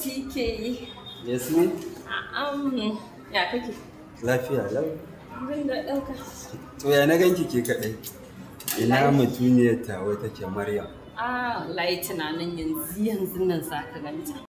Cike yi. Yasmin? ya kake? Lafiya lau. Abin da ɗauka. To ya na ganki ke kaɗai? Ina mutuniyar take Maryam. Ah, tunanin yanzu yanzu nan za ka ganta.